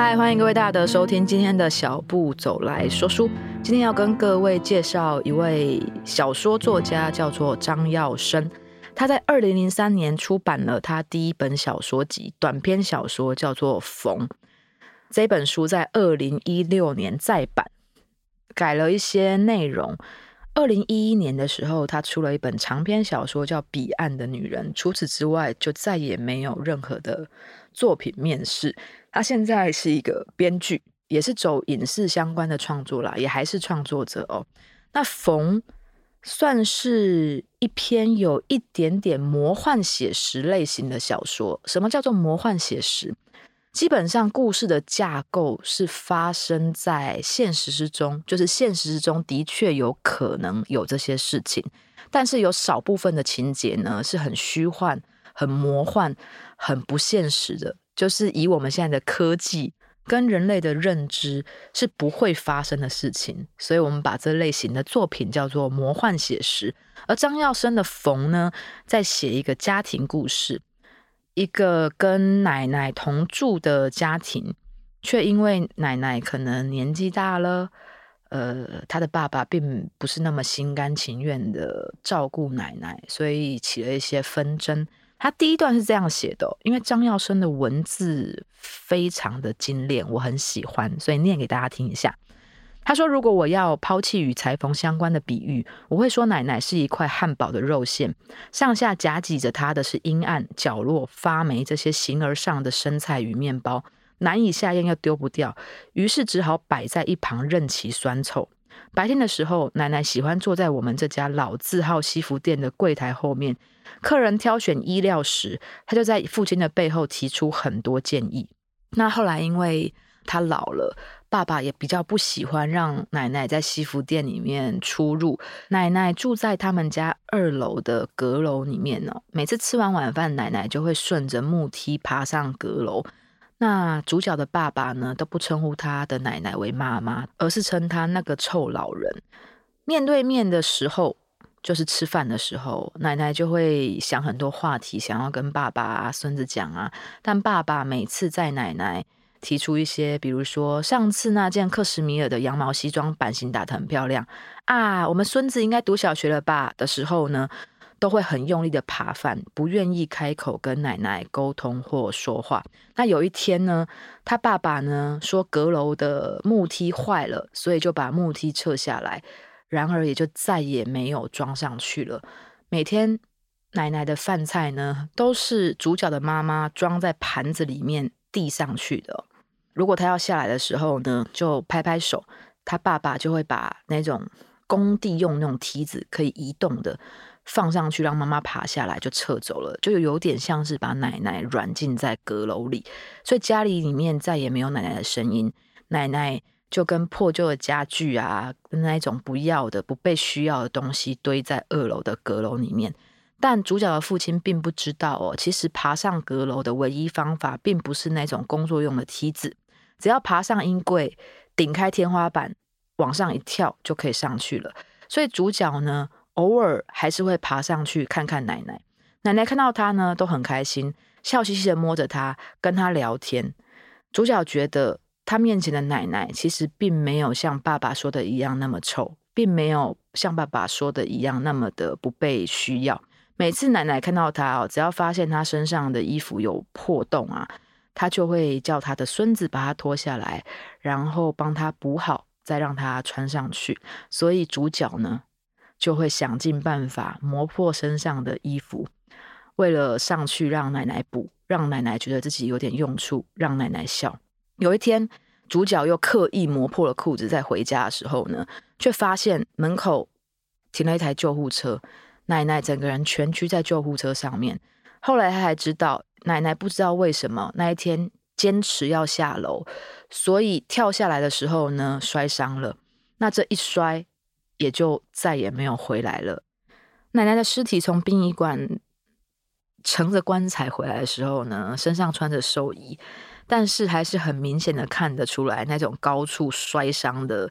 嗨，歡迎各位大德收聽，今天的小步走來說書。今天要跟各位介紹一位小說作家，叫做張耀升。他在二零零三年出版了他第一本小說集，短篇小說叫做《縫》。這本書在二零一六年再版，改了一些內容。二零一一年的時候，他出了一本長篇小說叫《彼岸的女人》。除此之外，就再也沒有任何的作品面世。他現在是一個編劇，也是走影視相關的創作啦，也還是創作者哦。那馮算是一篇有一點點魔幻寫實類型的小說。什麼叫做魔幻寫實？基本上故事的架構是發生在現實之中，就是現實之中的確有可能有這些事情，但是有少部分的情節呢，是很虛幻、很魔幻、很不現實的。就是以我們現在的科技跟人類的認知是不會發生的事情，所以我們把這類型的作品叫做魔幻寫實。而張耀升的《縫》呢，在寫一個家庭故事，一個跟奶奶同住的家庭，卻因為奶奶可能年紀大了，呃，他的爸爸並不是那麼心甘情願的照顧奶奶，所以起了一些紛爭。他第一段是這樣寫的哦，因為張耀升的文字非常的精煉，我很喜歡，所以念給大家聽一下。他說：“如果我要拋棄與裁縫相關的比喻，我會說奶奶是一塊漢堡的肉餡，上下夾擠着她的是陰暗角落發霉這些形而上的生菜與面包，難以下咽又丟不掉，於是只好擺在一旁任其酸臭。白天的時候，奶奶喜歡坐在我們這家老字號西服店的櫃台後面。”客人挑選衣料時，他就在父親的背後提出很多建議。那後來，因為他老了，爸爸也比較不喜歡讓奶奶在西服店裡面出入。奶奶住在他們家二樓的閣樓裡面呢。每次吃完晚飯，奶奶就會順着木梯爬上閣樓。那主角的爸爸呢，都不稱呼他的奶奶為媽媽，而是稱他那個臭老人。面對面的時候。就是吃飯的時候，奶奶就會想很多話題，想要跟爸爸、啊、孫子講啊。但爸爸每次在奶奶提出一些，比如說上次那件克什米爾的羊毛西裝，版型打得很漂亮啊，我們孫子應該讀小學了吧？的時候呢，都會很用力的扒飯，不願意開口跟奶奶溝通或說話。那有一天呢，他爸爸呢說閣樓的木梯壞了，所以就把木梯撤下來。然而，也就再也沒有裝上去了。每天，奶奶的飯菜呢，都是主角的媽媽裝在盤子裡面遞上去的。如果她要下來的時候呢，就拍拍手，她爸爸就會把那種工地用那種梯子可以移動的放上去，讓媽媽爬下來就撤走了。就有點像是把奶奶軟禁在閣樓裡，所以家裡裡面再也沒有奶奶的聲音。奶奶，就跟破舊的家具啊，那種不要的、不被需要的東西堆在二樓的閣樓裡面。但主角的父親並不知道哦，其實爬上閣樓的唯一方法，並不是那種工作用的梯子，只要爬上衣櫃，頂開天花板，往上一跳就可以上去了。所以主角呢，偶爾還是會爬上去看看奶奶。奶奶看到他呢，都很開心，笑嘻嘻的摸着他，跟他聊天。主角覺得，他面前的奶奶其實並沒有像爸爸說的一樣那麼醜，並沒有像爸爸說的一樣那麼的不被需要。每次奶奶看到他哦，只要發現他身上的衣服有破洞啊，他就會叫他的孫子把他脫下來，然後幫他補好，再讓他穿上去。所以主角呢，就會想盡辦法磨破身上的衣服，為了上去讓奶奶補，讓奶奶覺得自己有點用處，讓奶奶笑。有一天，主角又刻意磨破了褲子，在回家的時候呢，卻發現門口停了一台救護車，奶奶整個人蜷曲在救護車上面。後來她才知道，奶奶不知道為什麼那一天堅持要下樓，所以跳下來的時候呢，摔傷了。那這一摔也就再也沒有回來了。奶奶的屍體從殯儀館乘着棺材回來的時候呢，身上穿着壽衣。但是還是很明顯的看得出來那種高處摔傷的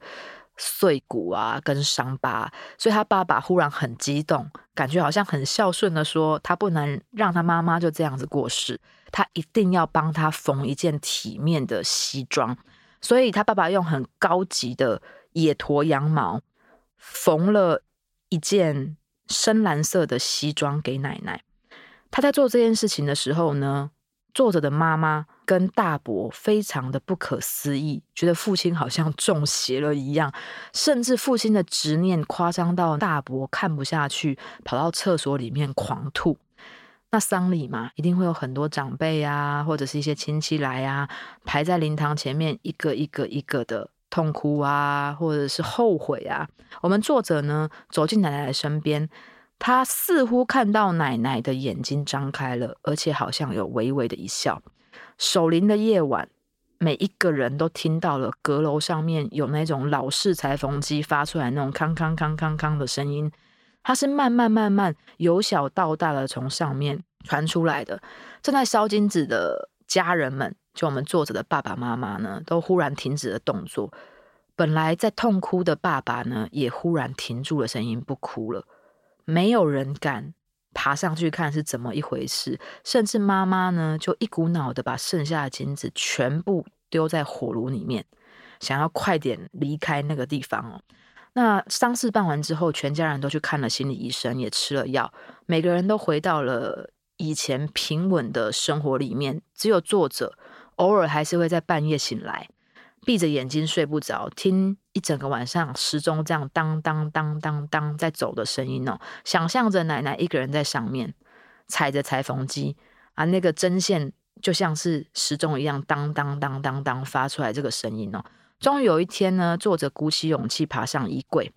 碎骨啊，跟傷疤，所以他爸爸忽然很激動，感覺好像很孝順的說，他不能讓他媽媽就這樣子過世，他一定要幫他縫一件體面的西裝。所以他爸爸用很高級的野駝羊毛縫了一件深藍色的西裝給奶奶。他在做這件事情的時候呢，作者的媽媽跟大伯非常的不可思議，覺得父親好像中邪了一樣，甚至父親的執念誇張到大伯看不下去，跑到廁所裡面狂吐。那喪禮嘛，一定會有很多長輩啊，或者是一些親戚來啊，排在靈堂前面，一個一個一個的痛哭啊，或者是後悔啊。我們作者呢，走進奶奶的身邊。他似乎看到奶奶的眼睛張開了，而且好像有微微的一笑。守靈的夜晚，每一個人都聽到了閣樓上面有那種老式裁縫機發出來那種“康康康康康”的聲音。它是慢慢慢慢由小到大的從上面傳出來的。正在燒金紙的家人們，就我們作者的爸爸媽媽呢，都忽然停止了動作。本來在痛哭的爸爸呢，也忽然停住了聲音，不哭了。沒有人敢爬上去看是怎麼一回事，甚至媽媽呢，就一股腦的把剩下的金子全部丟在火爐裡面，想要快點離開那個地方哦。那喪事辦完之後，全家人都去看了心理醫生，也吃了藥，每個人都回到了以前平穩的生活裡面。只有作者偶爾還是會在半夜醒來，閉着眼睛睡不着，聽。一整個晚上，時鐘這樣當當當當當在走的聲音哦，想象着奶奶一個人在上面踩着裁縫機啊，那個針線就像是時鐘一樣當當當當當,當發出來這個聲音哦。終於有一天呢，作者鼓起勇氣爬上衣櫃，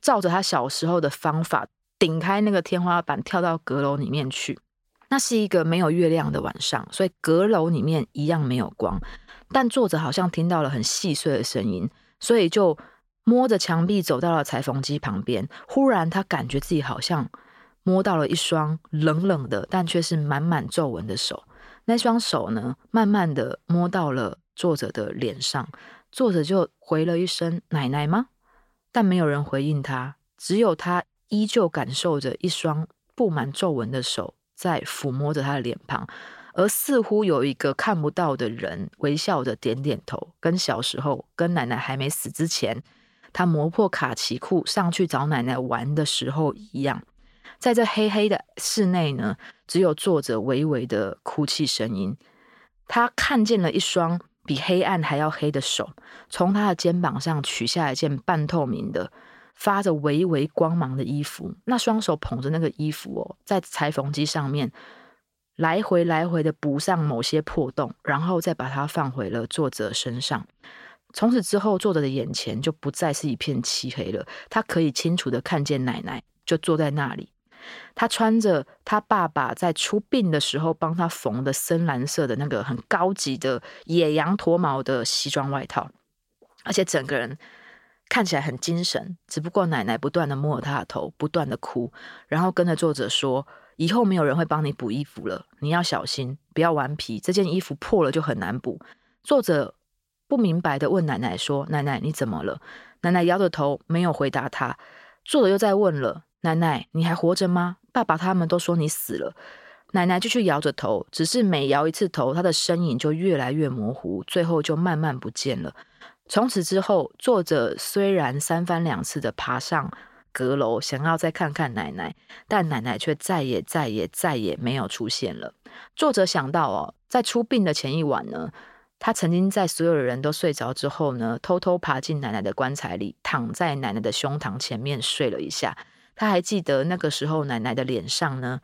照着他小時候的方法頂開那個天花板，跳到閣樓裡面去。那是一個沒有月亮的晚上，所以閣樓裡面一樣沒有光，但作者好像聽到了很細碎的聲音。所以就摸着牆壁走到了裁縫機旁邊，忽然他感覺自己好像摸到了一雙冷冷的，但卻是滿滿皺紋的手。那雙手呢，慢慢的摸到了作者的臉上，作者就回了一聲“奶奶嗎？”但沒有人回應他，只有他依舊感受着一雙布滿皺紋的手在撫摸着他的臉龐。而似乎有一個看不到的人微笑着點點頭，跟小時候跟奶奶還沒死之前，他磨破卡其褲上去找奶奶玩的時候一樣，在這黑黑的室內呢，只有作者微微的哭泣聲音。他看見了一雙比黑暗還要黑的手，從他的肩膀上取下一件半透明的、發着微微光芒的衣服。那雙手捧着那個衣服哦，在裁縫機上面，來回來回的補上某些破洞，然後再把它放回了作者身上。從此之後，作者的眼前就不再是一片漆黑了。他可以清楚的看見奶奶就坐在那裡，他穿着他爸爸在出殯的時候幫他縫的深藍色的那個很高級的野羊駝毛的西裝外套，而且整個人看起來很精神。只不過奶奶不斷的摸他的頭，不斷的哭，然後跟着作者說。以後沒有人會幫你補衣服了，你要小心，不要頑皮。這件衣服破了就很難補。作者不明白地問奶奶說：“奶奶，你怎麼了？”奶奶搖着頭沒有回答他。作者又再問了：“奶奶，你還活着嗎？”爸爸他們都說你死了。奶奶就繼續搖着頭，只是每搖一次頭，他的身影就越來越模糊，最後就慢慢不見了。從此之後，作者雖然三番兩次的爬上。閣樓想要再看看奶奶，但奶奶卻再也、再也、再也沒有出現了。作者想到哦，在出殯的前一晚呢，他曾經在所有的人都睡着之後呢，偷偷爬進奶奶的棺材裡，躺在奶奶的胸膛前面睡了一下。他還記得那個時候，奶奶的臉上呢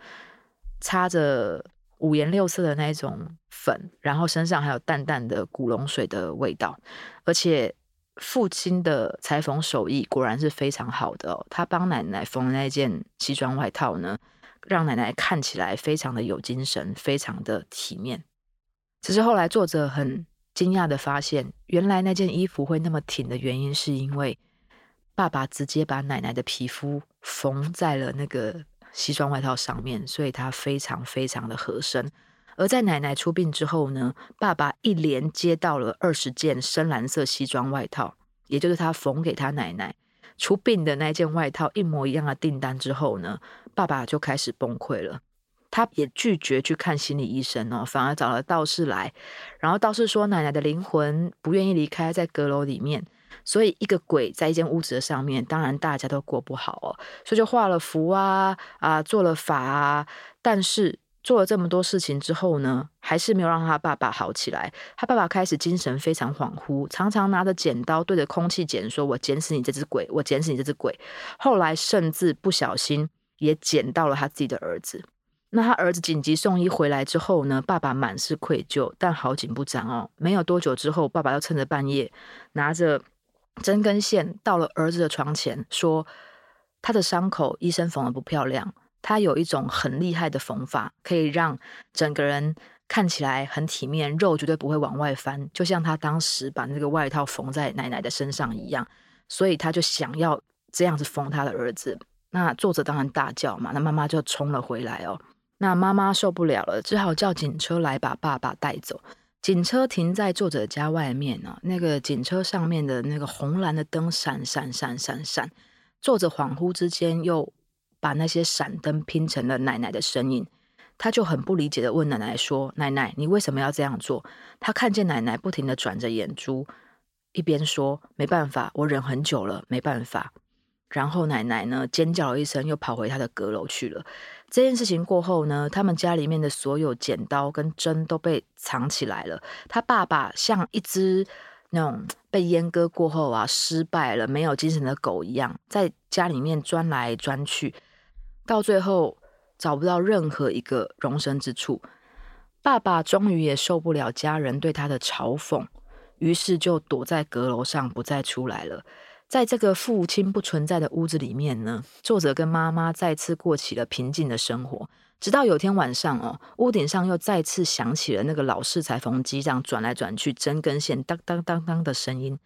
擦着五顏六色的那種粉，然後身上還有淡淡的古龍水的味道，而且。父親的裁縫手藝果然是非常好的哦，他幫奶奶縫那件西裝外套呢，讓奶奶看起來非常的有精神，非常的體面。只是後來作者很驚訝的發現，原來那件衣服會那麼挺的原因，是因為爸爸直接把奶奶的皮膚縫在了那個西裝外套上面，所以他非常非常的合身。而在奶奶出殯之後呢，爸爸一連接到了二十件深藍色西裝外套，也就是他縫給他奶奶出殯的那件外套一模一樣的訂單之後呢，爸爸就開始崩潰了。他也拒絕去看心理醫生哦，反而找了道士來，然後道士說奶奶的靈魂不願意離開，在閣樓裡面，所以一個鬼在一間屋子的上面，當然大家都過不好哦，所以就畫了符啊啊，做了法啊，但是。做了這麼多事情之後呢，還是沒有讓他爸爸好起來。他爸爸開始精神非常恍惚，常常拿着剪刀對着空氣剪，說：“我剪死你這隻鬼，我剪死你這隻鬼。”後來甚至不小心也剪到了他自己的兒子。那他兒子緊急送醫回來之後呢，爸爸滿是愧疚。但好景不長哦，沒有多久之後，爸爸又趁着半夜拿着針跟線到了兒子的床前，說：“他的傷口醫生縫得不漂亮。”他有一種很厲害的縫法，可以讓整個人看起來很體面，肉絕對不會往外翻。就像他當時把那個外套縫在奶奶的身上一樣，所以他就想要這樣子縫他的兒子。那作者當然大叫嘛，那媽媽就衝了回來哦。那媽媽受不了了，只好叫警車來把爸爸帶走。警車停在作者家外面呢，哦，那個警車上面的那個紅藍的燈閃閃閃閃閃閃。作者恍惚之間又把那些閃燈拼成了奶奶的身影，他就很不理解的問奶奶說：“奶奶，你為什麼要這樣做？”他看見奶奶不停的轉着眼珠，一邊說：“沒辦法，我忍很久了，沒辦法。”然後奶奶呢尖叫了一聲，又跑回她的閣樓去了。這件事情過後呢，他們家裡面的所有剪刀跟針都被藏起來了。他爸爸像一隻那種被閹割過後啊，失敗了沒有精神的狗一樣，在家裡面鑽來鑽去。到最後找不到任何一個容身之處，爸爸終於也受不了家人對他的嘲諷，於是就躲在閣樓上不再出來了。在這個父親不存在的屋子裡面呢，作者跟媽媽再次過起了平靜的生活。直到有天晚上哦，屋頂上又再次響起了那個老式裁縫機這樣轉來轉去、針跟線當當當當的聲音。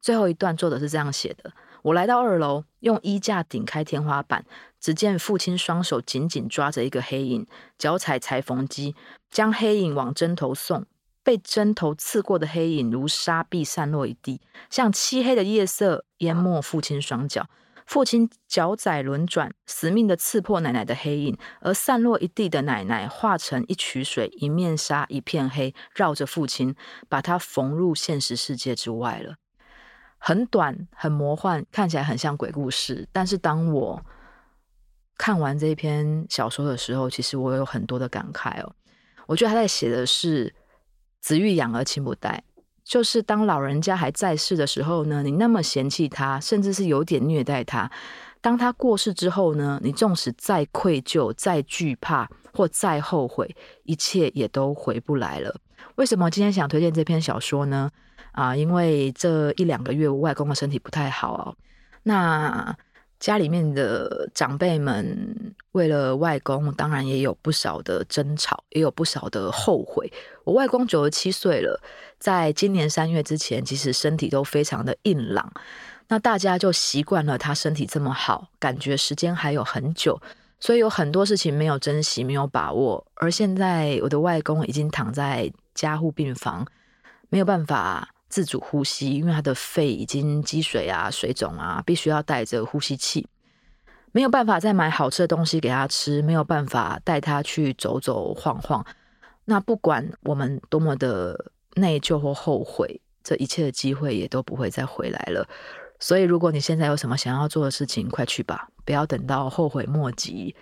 最後一段作者是這樣寫的：我來到二樓，用衣架頂開天花板。只見父親雙手緊緊抓着一個黑影，腳踩裁縫機，將黑影往針頭送。被針頭刺過的黑影如沙粒散落一地，像漆黑的夜色淹沒父親雙腳。父親腳踩輪轉，死命地刺破奶奶的黑影，而散落一地的奶奶化成一渠水，一面紗，一片黑，繞着父親，把他縫入現實世界之外了。很短，很魔幻，看起來很像鬼故事，但是當我，看完這一篇小說的時候，其實我有很多的感慨哦。我覺得他在寫的是“子欲養而親不待”，就是當老人家還在世的時候呢，你那麼嫌棄他，甚至是有點虐待他；當他過世之後呢，你縱使再愧疚、再懼怕或再後悔，一切也都回不來了。為什麼今天想推薦這篇小說呢？啊，因為這一兩個月我外公的身體不太好哦。那家裡面的長輩們為了外公，當然也有不少的爭吵，也有不少的後悔。我外公九十七歲了，在今年三月之前，其實身體都非常的硬朗。那大家就習慣了他身體這麼好，感覺時間還有很久，所以有很多事情沒有珍惜，沒有把握。而現在我的外公已經躺在加護病房，沒有辦法。自主呼吸，因為他的肺已經積水啊、水腫啊，必須要帶着呼吸器，沒有辦法再買好吃的東西給他吃，沒有辦法帶他去走走晃晃。那不管我們多麼的內疚或後悔，這一切的機會也都不會再回來了。所以，如果你現在有什麼想要做的事情，快去吧，不要等到後悔莫及，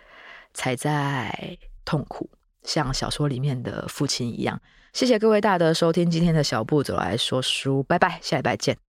才在痛苦。像小說裡面的父親一樣，謝謝各位大德收聽今天的小步走來說書，拜拜，下禮拜見。